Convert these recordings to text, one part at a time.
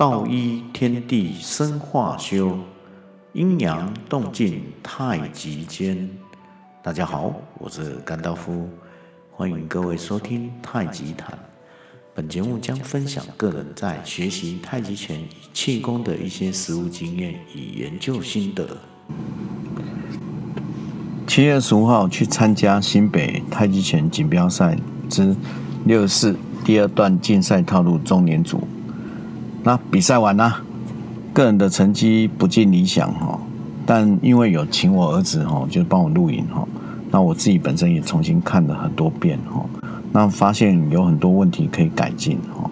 道一天地生化修，陰陽動靜太極間。大家好，我是甘道夫，歡迎各位收聽《太極談》。本節目將分享個人在學習太極拳與氣功的一些實務經驗與研究心得。七月十五號去參加新北太極拳錦標賽之六四第二段競賽套路中年組。那比賽完啦，個人的成績不盡理想哈，但因為有請我兒子哈，就幫我錄影哈，那我自己本身也重新看了很多遍哈，那發現有很多問題可以改進哈，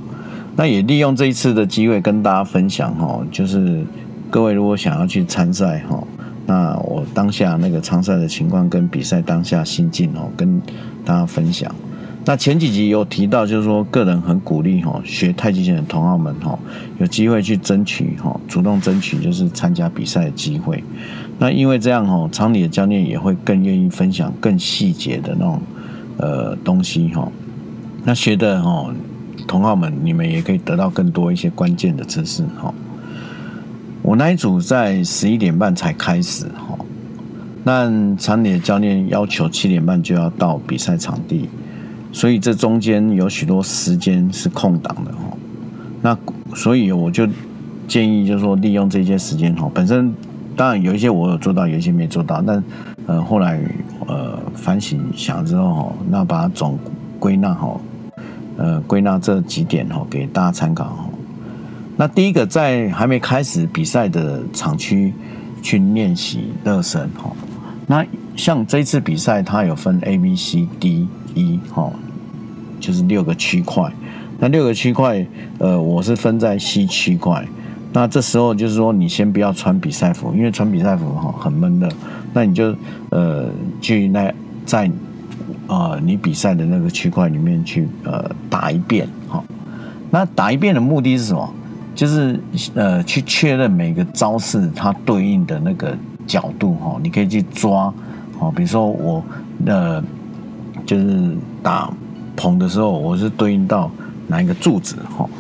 那也利用這一次的機會跟大家分享哈，就是各位如果想要去參賽哈，那我當下那個參賽的情況跟比賽當下心境哦，跟大家分享。那前幾集有提到，就是說個人很鼓勵哈學太極拳的同好們哈，有機會去爭取哈主動爭取就是參加比賽的機會。那因為這樣哈，場裡的教練也會更願意分享更細節的那種呃東西哈。那學的哦，同好們，你們也可以得到更多一些關鍵的知識哈。我那一組在十一點半才開始哈，那場裡的教練要求七點半就要到比賽場地。所以這中間有許多時間是空檔的哦，那所以我就建議，就是說利用這些時間哦，本身當然有一些我有做到，有一些沒做到，但呃後來呃反省想之後哦，那把總歸納哦，呃歸納這幾點哦，給大家參考哦。那第一個在還沒開始比賽的場區，去練習熱身哦，那。像這次比賽，它有分 A、B、C、D、E 哈、哦，就是六個區塊。那六個區塊，呃，我是分在 C 區塊。那這時候就是說，你先不要穿比賽服，因為穿比賽服哈、哦、很悶的。那你就呃去那在呃你比賽的那個區塊裡面去呃打一遍，哈、哦。那打一遍的目的是什麼？就是呃去確認每個招式它對應的那個角度，哈、哦。你可以去抓。哦，比如說我呃，就是打棚的時候，我是對應到哪一個柱子？哈、哦，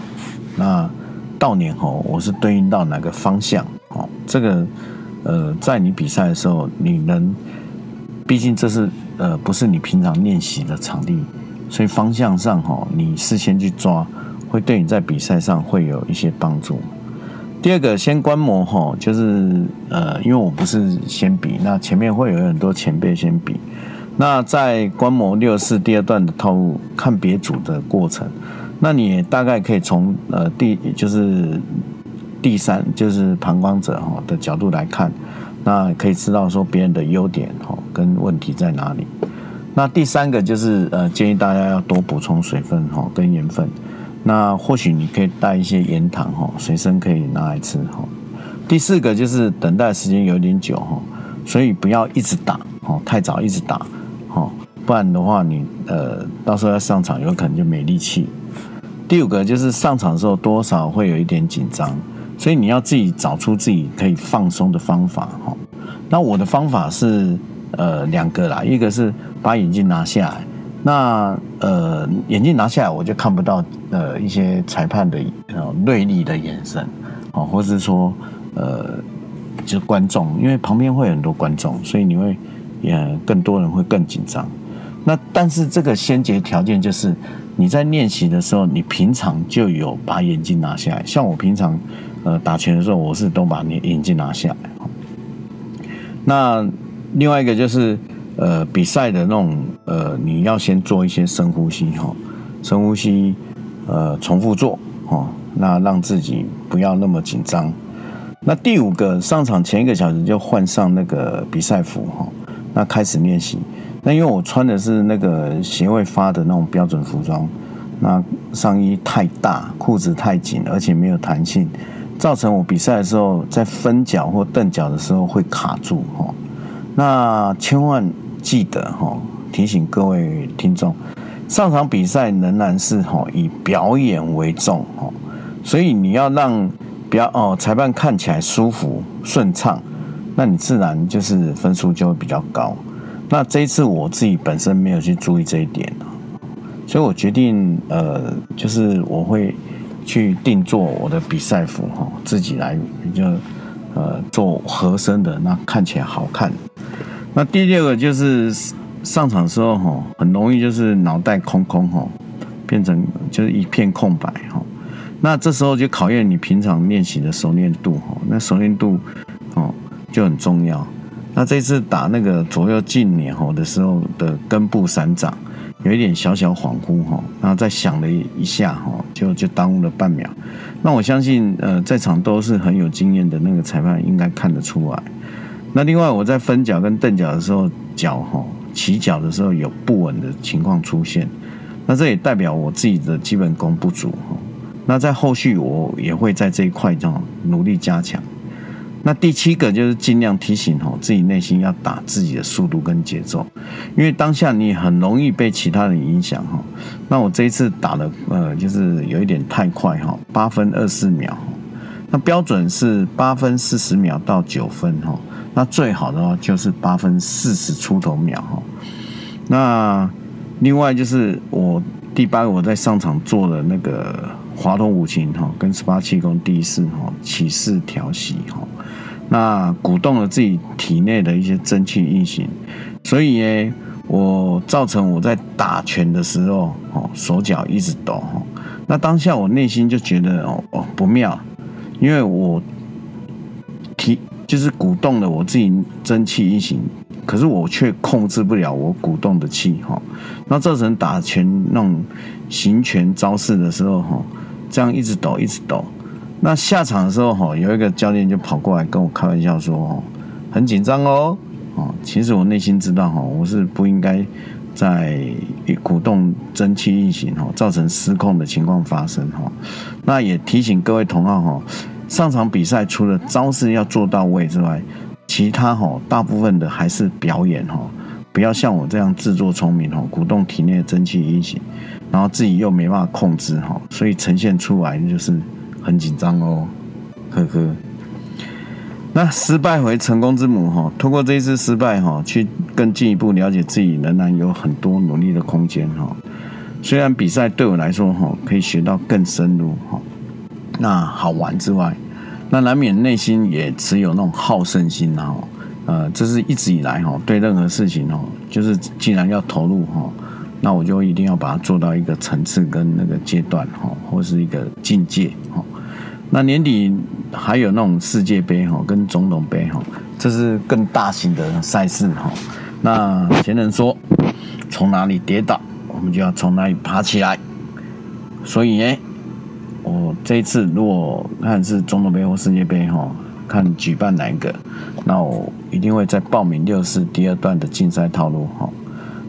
那到年後、哦、我是對應到哪個方向？哈、哦，這個呃，在你比賽的時候，你能，畢竟這是呃，不是你平常練習的場地，所以方向上哈、哦，你事先去抓，會對你在比賽上會有一些幫助。第二個，先觀摩哈，就是呃，因為我不是先比，那前面會有很多前輩先比，那在觀摩六四第二段的套路，看別組的過程，那你大概可以從呃第就是第三就是旁觀者哈的角度來看，那可以知道說別人的優點哈跟問題在哪裡。那第三個就是呃，建議大家要多補充水分哈跟鹽分。那或許你可以帶一些鹽糖哦，隨身可以拿來吃哈。第四個就是等待時間有點久哈，所以不要一直打哦，太早一直打哦，不然的話你呃到時候要上場有可能就沒力氣。第五個就是上場的時候多少會有一點緊張，所以你要自己找出自己可以放鬆的方法哈。那我的方法是呃兩個啦，一個是把眼鏡拿下來。那呃，眼鏡拿下來，我就看不到呃一些裁判的呃、銳利的眼神，哦，或是說呃，就是觀眾，因為旁邊會有很多觀眾，所以你會呃更多人會更緊張。那但是這個先決條件就是你在練習的時候，你平常就有把眼鏡拿下來。像我平常呃打拳的時候，我是都把你眼鏡拿下來。哦、那另外一個就是。呃，比賽的那種，呃，你要先做一些深呼吸哈、哦，深呼吸，呃，重複做哈、哦，那讓自己不要那麼緊張。那第五個，上場前一個小時就換上那個比賽服哈、哦，那開始練習。那因為我穿的是那個協會發的那種標準服裝，那上衣太大，褲子太緊，而且沒有彈性，造成我比賽的時候在分腳或蹬腳的時候會卡住哈、哦。那千萬。記得哈，提醒各位聽眾，上場比賽仍然是哈，以表演為重哈，所以你要讓比較哦，裁判看起來舒服順暢，那你自然就是分數就會比較高。那這一次我自己本身沒有去注意這一點，所以我決定呃，就是我會去定做我的比賽服哈，自己來比較呃，做合身的，那看起來好看。那第六個就是上場的時候哈，很容易就是腦袋空空哈，變成就是一片空白哈。那這時候就考驗你平常練習的熟練度哈。那熟練度哦就很重要。那這次打那個左右近臉吼的時候的根部閃掌，有一點小小恍惚哈，然後再想了一下哈，就就耽誤了半秒。那我相信呃，在場都是很有經驗的那個裁判應該看得出來。那另外我在分腳跟蹬腳的時候，腳哈起腳的時候有不穩的情況出現，那這也代表我自己的基本功不足哈。那在後續我也會在這一塊哦努力加強。那第七個就是盡量提醒哦自己內心要打自己的速度跟節奏，因為當下你很容易被其他人影響哈。那我這一次打的呃就是有一點太快哈，八分二十四秒，那標準是八分四十秒到九分哈。那最好的哦，就是八分四十出頭秒。那另外就是我第八，我在上場做了那個華佗五禽哈，跟十八氣功第一式哈起勢調息哈，那鼓動了自己體內的一些真氣運行，所以呢，我造成我在打拳的時候哦，手腳一直抖哈。那當下我內心就覺得哦哦不妙，因為我。就是鼓動了我自己真氣運行，可是我卻控制不了我鼓動的氣哈、哦。那造成打拳弄形拳招式的時候哈、哦，這樣一直抖一直抖。那下場的時候哈、哦，有一個教練就跑過來跟我開玩笑說、哦、很緊張哦，哦其實我內心知道哈、哦，我是不應該在鼓動真氣運行哈、哦，造成失控的情況發生哈、哦。那也提醒各位同好哈。哦上場比賽除了招式要做到位之外，其他哦，大部分的還是表演哦，不要像我這樣自作聰明哦，鼓動體內的真氣運行，然後自己又沒辦法控制哦，所以呈現出來就是很緊張哦，呵呵。那失敗為成功之母哦，通過這一次失敗哦，去更進一步了解自己，仍然有很多努力的空間哦。雖然比賽對我來說哦，可以學到更深入哦。那好玩之外，那難免內心也持有那種好勝心啊、哦，啊呃，這是一直以來哈、哦，對任何事情哦，就是既然要投入哈、哦，那我就一定要把它做到一個層次跟那個階段哈、哦，或是一個境界哈、哦。那年底還有那種世界杯哈、哦，跟總統杯哈、哦，這是更大型的賽事哈、哦。那前人說，從哪裡跌倒，我們就要從哪裡爬起來，所以呢。我這一次如果看是中足杯或世界杯哈，看舉辦哪一個，那我一定會再報名六四第二段的競賽套路哈。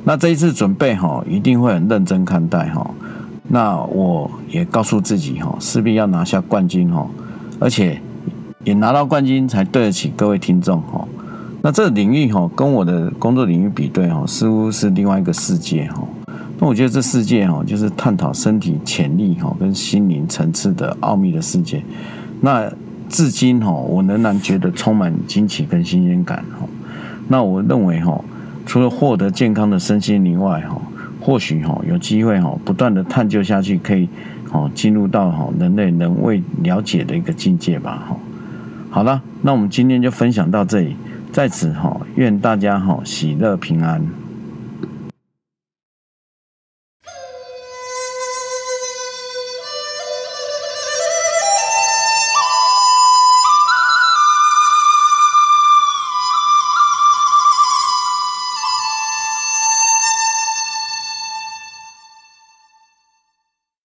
那這一次準備哈，一定會很認真看待哈。那我也告訴自己哈，勢必要拿下冠軍哈，而且也拿到冠軍才對得起各位聽眾哈。那這個領域哈，跟我的工作領域比對哈，似乎是另外一個世界哈。那我覺得這世界哈，就是探討身體潛力哈，跟心靈層次的奧秘的世界。那至今哈，我仍然覺得充滿驚奇跟新鮮感哈。那我認為哈，除了獲得健康的身心靈外哈，或許哈，有機會哈，不斷地探究下去，可以哈，進入到哈人類仍未了解的一個境界吧哈。好了，那我們今天就分享到這裡，在此哈，願大家哈喜樂平安。